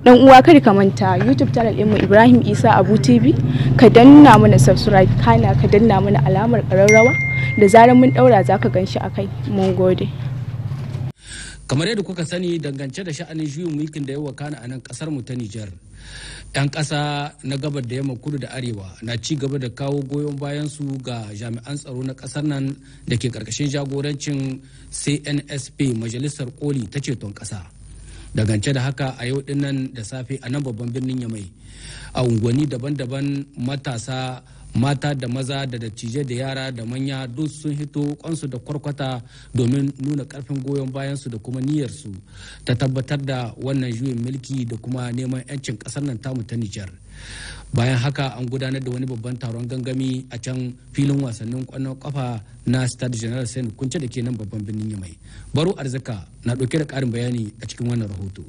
dan uwa kada ka manta youtube channel mu ibrahim isa abu tv ka danna mana subscribe kana ka danna mana alamar kararrawa da zarar mun daura za ka ganshi a kai mun gode kamar yadda kuka sani dangance da sha'anin juyin mulkin da ya wakana a nan kasar mu ta nijar yan kasa na gabar da yamma kudu da arewa na ci gaba da kawo goyon bayan su ga jami'an tsaro na kasar nan da ke karkashin jagorancin cnsp majalisar koli ta ceton kasa dangance da haka a yau dinnan da safe a nan babban birnin yamai a unguwanni daban-daban matasa mata da maza da dattijai da yara da manya duk sun hito kwansu da kwarkwata domin nuna karfin goyon bayansu da kuma niyyarsu ta tabbatar da wannan juyin mulki da kuma neman 'yancin kasar nan tamu ta nijar bayan haka an gudanar da wani babban taron gangami a can filin wasannin kwanan kafa na stade general sen kunce da ke nan babban birnin yamai baro arzika na ɗauke da karin bayani a cikin wannan rahoto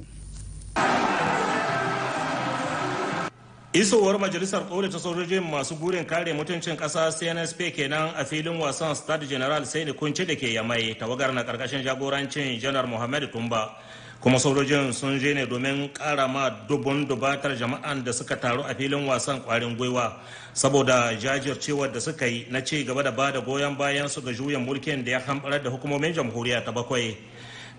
isowar majalisar kore ta sojojin masu gurin kare mutuncin kasa cnsp kenan a filin wasan stade general sai kunce da ke yamai tawagar na karkashin jagorancin janar muhammadu tumba kuma sojojin sun je ne domin kara ma dubun dubatar jama'an da suka taru a filin wasan kwarin gwiwa saboda jajircewar da suka yi na ci gaba da bada goyon bayan su ga juyin mulkin da ya hamɓarar da hukumomin jamhuriya ta bakwai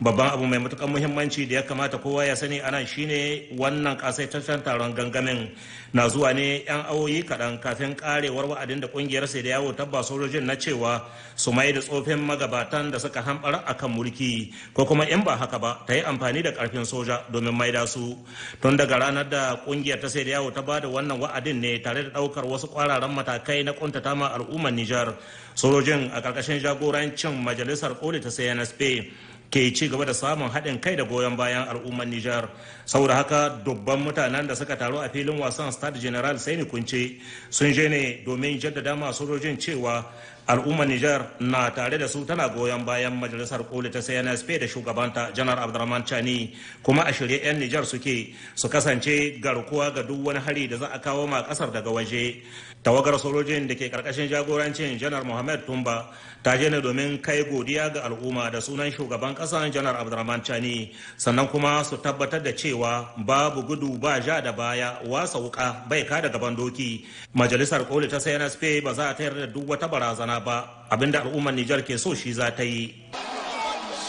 babban abu mai matukan muhimmanci da ya kamata kowa ya sani anan shine wannan kasaitaccen taron gangamin na zuwa ne yan awoyi kaɗan kafin karewar wa'adin da kungiyar sai da yawo tabba sojojin na cewa su mai da tsofin magabatan da suka hambara akan mulki ko kuma in ba haka ba ta yi amfani da karfin soja domin mai da su tun daga ranar da kungiyar ta sai da yawo ta ba da wannan wa'adin ne tare da ɗaukar wasu kwararan matakai na kuntata ma al'ummar nijar sojojin a karkashin jagorancin majalisar koli ta spain. ke ci gaba da samun haɗin kai da goyon bayan al'ummar Nijar. Saboda haka dubban mutanen da suka taru a filin wasan Stade General Saini Kunce sun je ne domin jaddada masu sojojin cewa al'ummar nijar na tare da su tana goyon bayan majalisar koli ta cnsp da shugabanta janar abdurrahman chani kuma a shirye 'yan nijar suke su kasance garkuwa ga duk wani hari da za a kawo ma kasar daga waje tawagar sojojin da ke karkashin jagorancin janar mohammed tumba ta je ne domin kai godiya ga al'umma da sunan shugaban kasa janar abdurrahman chani sannan kuma su tabbatar da cewa babu gudu ba ja da baya wasa wuka bai ka daga gaban doki majalisar koli ta cnsp ba za ta yarda duk wata barazana rana ba abinda al'ummar Nijar ke so shi za ta yi.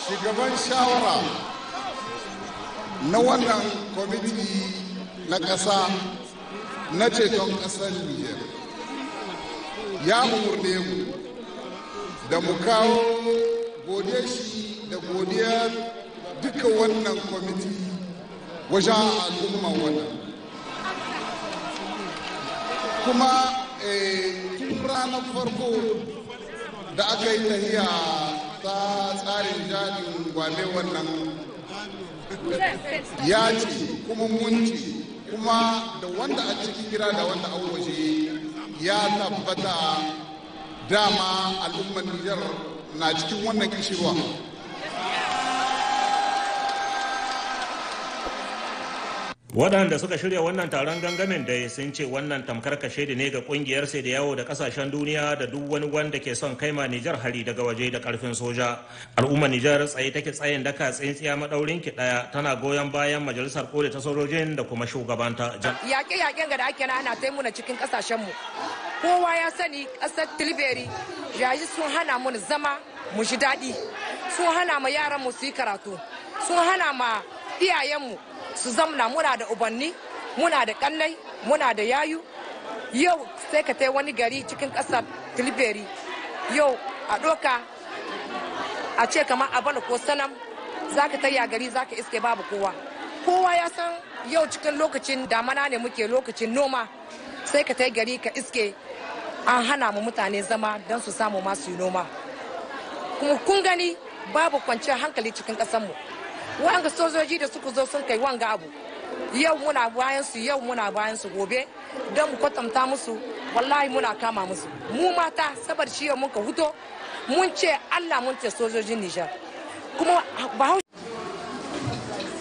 Shugaban shawara na wannan kwamiti na ƙasa na ceton ƙasar Nijar ya umarne mu da mu kawo gode shi da godiyar duka wannan kwamiti wajen al'umma wannan. Kuma tun eh, ranar farko da aka yi tahiya ta tsarin jadin gwame wannan ya ci kuma mun ci kuma da wanda a cikin gida da wanda a waje ya tabbata dama al'ummar nijar na cikin wannan kishirwa waɗanda suka shirya wannan taron gangamin dai sun ce wannan tamkar kashedi ne ga kungiyar sai da yawo da kasashen duniya da duk wani wanda ke son kaima nijar hari daga waje da karfin soja al'ummar nijar tsaye take tsayin daka tsintsiya madaurin ki daya tana goyon bayan majalisar koli ta sojojin da kuma shugabanta yaƙe yaƙen ga da ake na ana muna cikin kasashen mu kowa ya sani ƙasar tilberi yayi sun hana mu zama mu ji daɗi sun hana ma yaran mu su yi karatu sun hana ma iyayenmu su zamna muna da ubanni muna da kallai muna da yayu yau sai ka tai wani gari cikin kasar tilberi yau a doka a ce kamar abana ko sanam za ka ya gari za ka iske babu kowa kowa ya san yau cikin lokacin damana ne muke lokacin noma sai ka tai gari ka iske an hana mu mutane zama don su samu masu yi noma kuma kun gani babu kwanciyar hankali cikin ƙasarmu wanga sojoji da suka zo sun kai wanga abu yau muna bayan su yau muna bayan su gobe don mu kwatanta musu wallahi muna kama musu mu mata sabar shi yau muka huto mun ce Allah mun ce sojojin Nijar kuma ba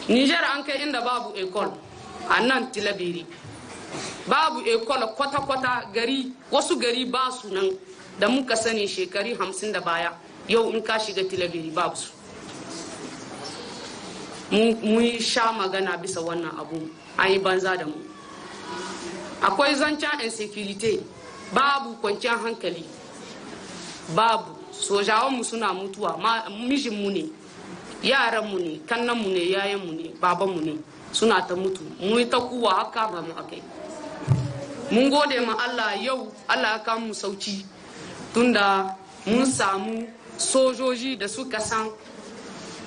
Nijar an kai inda babu ekol a nan tilabiri babu ekol kwata-kwata gari wasu gari ba su nan da muka sani shekaru hamsin da baya yau in ka shiga tilabiri babu su mun sha magana bisa wannan abu an yi banza da mu akwai zancen insecurity babu kwanciyar hankali babu sojawanmu suna mutuwa mijinmu ne yaranmu ne kannanmu ne yayanmu ne babanmu ne suna ta mutu mu ta kuwa haka ba mu akai mun gode ma Allah yau Allah ya kamu sauki tunda mun samu sojoji da suka san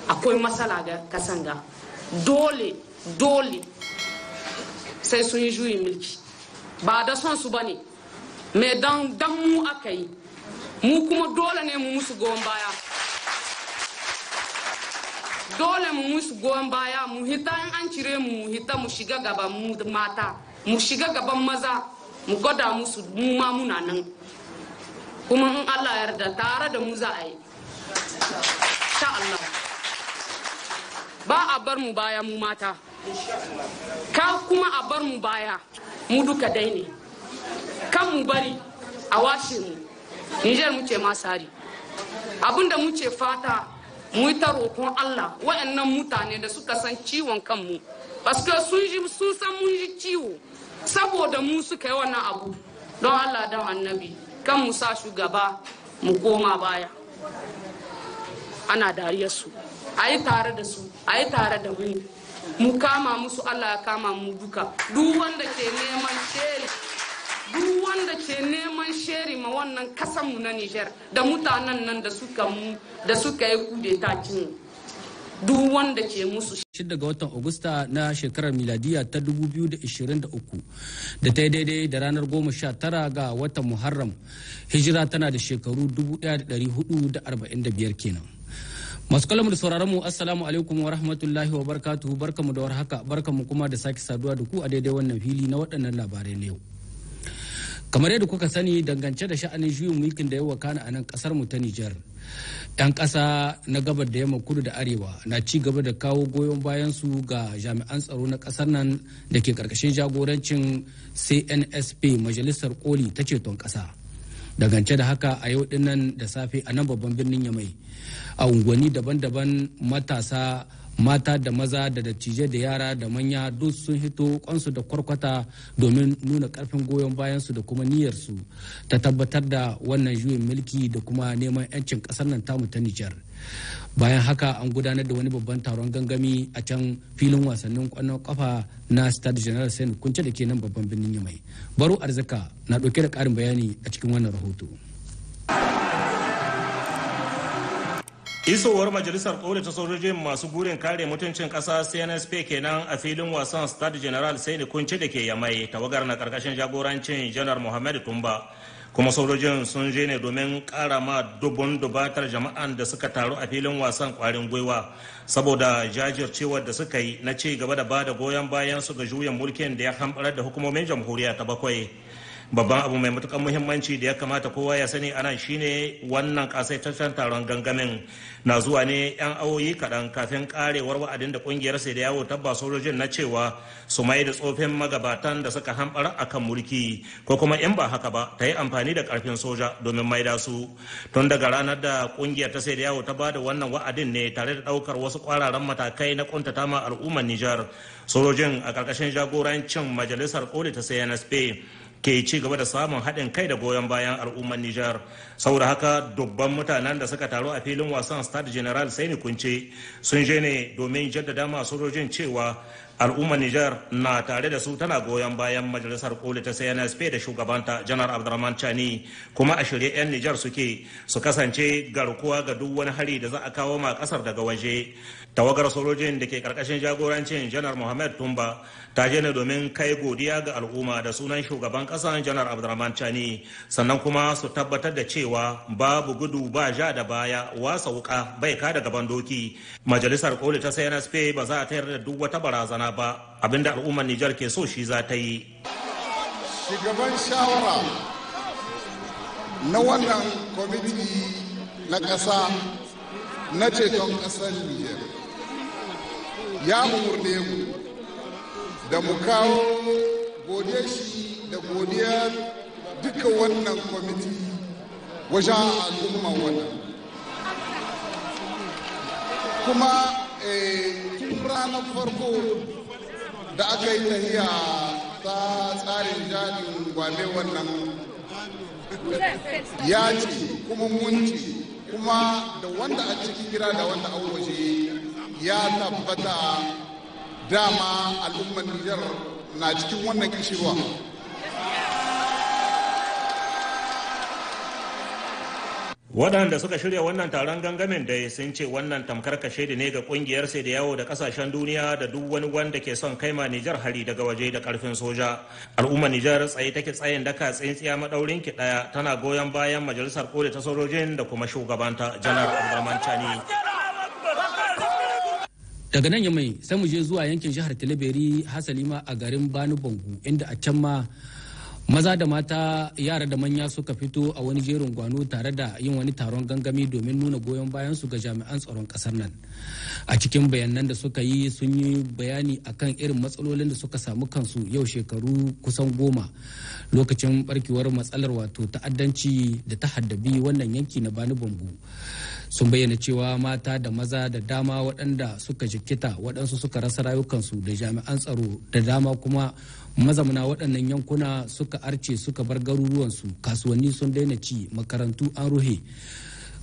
akwai matsala ga kasan ga dole dole sai sun yi juyin mulki ba da son su bane mai dan dan mu aka yi mu kuma dole ne mu musu goyon baya dole mu musu goyon baya mu hita in an cire mu hita mu shiga gaban mu mata mu shiga gaban maza mu gwada musu mu ma muna nan kuma in Allah yarda tare da mu za a yi sha Allah ba a bar mu baya mu mata ka kuma a bar mu baya mu duka dai ne kan mu bari a washe mu nijar mu ce masari abinda mu ce fata mu ta rokon allah waɗannan mutane da suka san ciwon kanmu paske sun san mun ji ciwo saboda mu suka yi wannan abu don allah don annabi kan mu sa shugaba mu koma baya ana dariyar su a yi tare da su a yi tare da mu mu kama musu allah ya kama mu duka duk wanda ke neman sheri duk wanda ke neman sheri ma wannan kasanmu na niger da mutanen nan da suka mu da suka yi ta cin duk wanda ke musu shida ga watan Agusta na shekarar miladiya ta 2023 da ta yi daidai da ranar 19 ga watan Muharram hijira tana da shekaru 1445 kenan. masu kalamu da sauraron mu assalamu alaikum wa rahmatullahi wa barkatu barkamu da warhaka barkamu kuma da sake saduwa da ku a daidai wannan fili na waɗannan labarai na yau kamar yadda kuka sani dangance da sha'anin juyin mulkin da ya wakana a nan kasar mu ta Nijar yan ƙasa na gabar da yamma kudu da arewa na ci gaba da kawo goyon bayan su ga jami'an tsaro na kasar nan da ke karkashin jagorancin CNSP majalisar koli ta ceton ƙasa dangance da haka a yau dinnan da safe a nan babban birnin yamai a unguwanni daban-daban matasa mata da maza da dattijai da yara da manya duk sun hito kwansu da kwarkwata domin nuna karfin goyon bayansu da kuma niyyarsu ta tabbatar da wannan juyin mulki da kuma neman 'yancin kasar nan tamu ta nijar bayan haka an gudanar da wani babban taron gangami a can filin wasannin kwanon kafa na stade general sen kunce da ke nan babban birnin mai baro arzika na dauke da karin bayani a cikin wannan rahoto isowar majalisar kole ta sojojin masu gurin kare mutuncin kasa cnsp kenan a filin wasan stade general sai kunce da ke yamai tawagar na karkashin jagorancin janar muhammadu tumba kuma sojojin sun je ne domin kara ma dubun dubatar jama'an da suka taru a filin wasan kwarin gwiwa saboda jajircewar da suka yi na ci gaba da ba da goyon bayan su ga juyin mulkin da ya hamɓarar da hukumomin jamhuriya ta bakwai babban abu mai matukan muhimmanci da ya kamata kowa ya sani ana shine wannan kasaitaccen taron gangamin na zuwa ne yan awoyi kaɗan kafin karewar wa'adin da kungiyar sai da yawo tabba sojojin na cewa su mai da tsofin magabatan da suka hambara akan mulki ko kuma in ba haka ba ta yi amfani da karfin soja domin maida su tun daga ranar da kungiyar ta sai da yawo ta ba da wannan wa'adin ne tare da ɗaukar wasu kwararan matakai na kuntata ma al'ummar Nijar sojojin a karkashin jagorancin majalisar koli ta spain. ke ci gaba da samun haɗin kai da goyon bayan al'ummar Nijar. Saboda haka dubban mutanen da suka taru a filin wasan Stade General Saini Kunce sun je ne domin jaddada masu sojojin cewa al'ummar nijar na tare da su tana goyon bayan majalisar koli ta cnsp da shugabanta janar abdurrahman chani kuma a shirye 'yan nijar suke su kasance garkuwa ga duk wani hari da za a kawo ma kasar daga waje tawagar sojojin da ke karkashin jagorancin janar mohamed tumba ta je ne domin kai godiya ga al'umma da sunan shugaban kasa janar abdurrahman chani sannan kuma su tabbatar da cewa babu gudu ba ja da baya wasa wuka bai ka da gaban doki majalisar koli ta cnsp ba za a tayar da duk wata barazana gyara ba abinda al'ummar Nijar ke so shi za ta yi. Shugaban shawara na wannan kwamiti na ƙasa na ceton ƙasar Nijar ya umarne mu da mu kawo godiya shi da godiyar duka wannan kwamiti wajen al'umma wannan. Kuma tun eh, ranar farko da aka yi tahiya ta tsarin jadin gwale wannan ya ci kuma munci, kuma da wanda a ciki gida da wanda a waje ya tabbata dama al'ummar nijar na cikin wannan kishirwa waɗanda suka shirya wannan taron gangamin dai sun ce wannan tamkar da ne ga kungiyar sai da yawo da kasashen duniya da duk wani wanda ke son kaima nijar hari daga waje da karfin soja al'ummar nijar tsaye take tsayin daka tsintsiya maɗaurin ki ɗaya tana goyon bayan majalisar kore ta sojojin da kuma shugabanta janar abdulrahman chani daga nan yamai sai mu je zuwa yankin jihar talabiri hasali ma a garin bani bangu inda a can ma maza da mata yara da manya suka fito a wani jerin gwano tare da yin wani taron gangami domin nuna goyon bayan su ga jami'an tsaron kasar nan a cikin bayanan da suka yi sun yi bayani akan irin matsalolin da suka samu kansu yau shekaru kusan goma lokacin barkewar matsalar wato ta'addanci da ta haddabi wannan yanki na bani bambu sun bayyana cewa mata da maza da dama waɗanda suka jikita waɗansu suka rasa rayukansu da jami'an tsaro da dama kuma mazamuna waɗannan yankuna suka arce suka bar garuruwansu kasuwanni sun daina ci makarantu an ruhe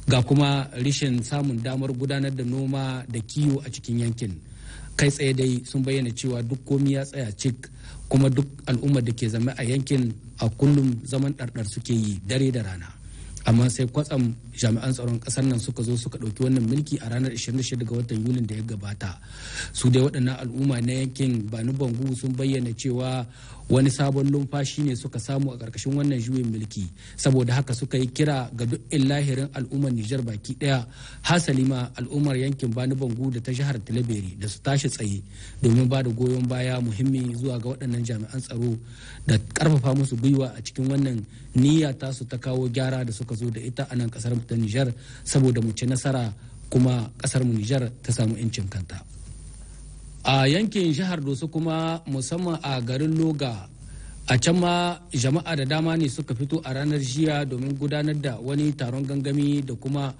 ga kuma rishin samun damar gudanar da noma da kiwo a cikin yankin kai tsaye dai sun bayyana cewa duk komi ya tsaya cik kuma duk al'ummar da ke zama a yankin a kullum zaman ɗarɗar suke yi dare da rana amma sai kwatsam jami'an tsaron kasar nan suka zo suka ɗauki wannan mulki a ranar 26 ga watan yulin da ya gabata su dai waɗannan al'umma na yankin bani bangu sun bayyana cewa wani sabon shi ne suka samu a ƙarƙashin wannan juyin mulki saboda haka suka yi kira ga duk lahirin al'ummar Nijar baki ɗaya hasali ma al'ummar yankin Bani Bangu da ta jihar Talabere da su tashi tsaye domin ba da goyon baya muhimmi zuwa ga waɗannan jami'an tsaro da karfafa musu gwiwa a cikin wannan niyya su ta kawo gyara da suka zo da ita a nan ƙasar ta Nijar saboda mu ci nasara kuma ƙasar mu Nijar ta samu 'yancin kanta. a yankin jihar doso kuma musamman a garin loga a can ma jama'a da dama ne suka fito a ranar jiya domin gudanar da wani taron gangami da kuma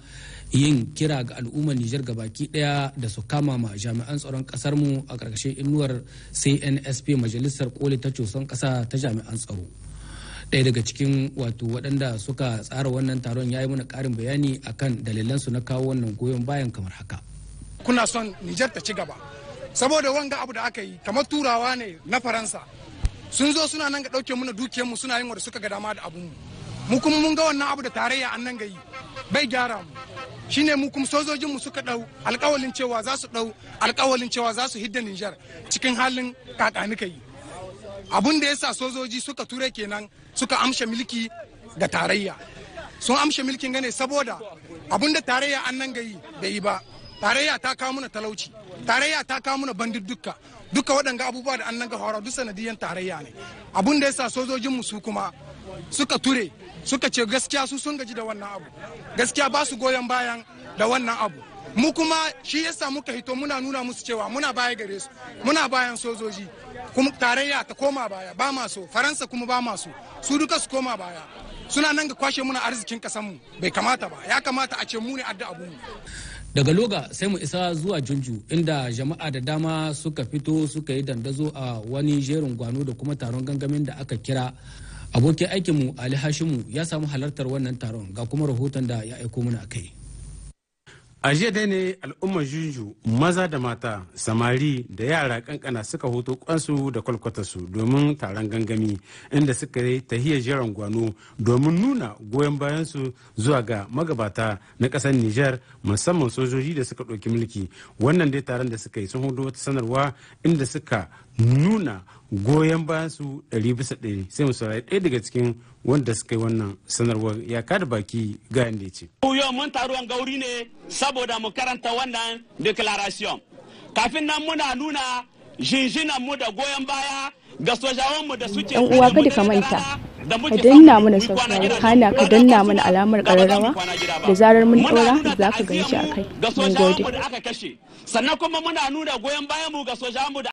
yin kira ga al'ummar nijar ga baki daya da su kama ma jami'an tsaron kasar mu a ƙarƙashin inuwar cnsp majalisar koli ta coson ƙasa ta jami'an tsaro daya daga cikin wato waɗanda suka tsara wannan taron ya yi mana ƙarin bayani akan dalilansu na kawo wannan goyon bayan kamar haka kuna son nijar ta ci gaba saboda wanga abu da aka yi kamar turawa ne na faransa sun zo suna nan ga ɗauke muna dukiyarmu suna yin wa suka ga dama da abunmu mu kuma mun ga wannan abu da tarayya an nan gayi bai gyara mu shine mu kuma sojojinmu suka ɗau alkawalin cewa za su ɗau alkawalin cewa za su hidda Nijar cikin halin kakani yi abun da yasa sojoji suka ture kenan suka amshe milki ga tarayya sun amshe mulkin gane saboda abun da tarayya an nan gayi da yi ba tarayya ta kawo mana talauci tarayya ta kawo mana bandiddukka duka waɗanga abubuwa da an naga horo duk sanadiyan tarayya ne abun da yasa sojojinmu su kuma suka ture suka ce gaskiya su sun gaji da wannan abu gaskiya ba su goyon bayan da wannan abu mu kuma shi yasa muka hito muna nuna musu cewa muna baya gare su muna bayan sojoji kuma tarayya ta koma baya ba ma faransa kuma ba ma su duka su koma baya suna nan ga kwashe muna arzikin kasanmu bai kamata ba ya kamata a ce mu ne adda abun daga loga sai mu isa zuwa junju inda jama'a da dama suka fito suka yi dandazo a wani jerin gwano da kuma taron gangamin da aka kira abokin aikinmu ali hashimu ya samu halartar wannan taron ga kuma rahoton da ya aiko mana a kai A jiya dai ne al'ummar Junju maza da mata, samari da yara kankana suka hoto kwansu da kwalkwatarsu domin taron gangami inda suka yi tahiyar jiran gwano domin nuna goyon bayansu zuwa ga magabata na ƙasar Nijar musamman sojoji da suka ɗauki mulki. Wannan dai taron da suka yi sun hudu wata sanarwa inda suka nuna goyon bayan su ɗari bisa ɗari sai mu saurari ɗaya daga cikin wanda suka yi wannan sanarwar ya kada baki ga yadda ya ce. yau mun taruwan gauri ne saboda mu karanta wannan declaration kafin nan muna nuna jinjinan mu da goyon baya ga sojawan mu da suke ɗan uwa kada ka manta ka danna mana subscribe hana ka danna mana alamar ƙararrawa da zarar mun ɗora za ka gani shi a kai mun gode sannan kuma muna nuna goyon bayan mu ga sojawan mu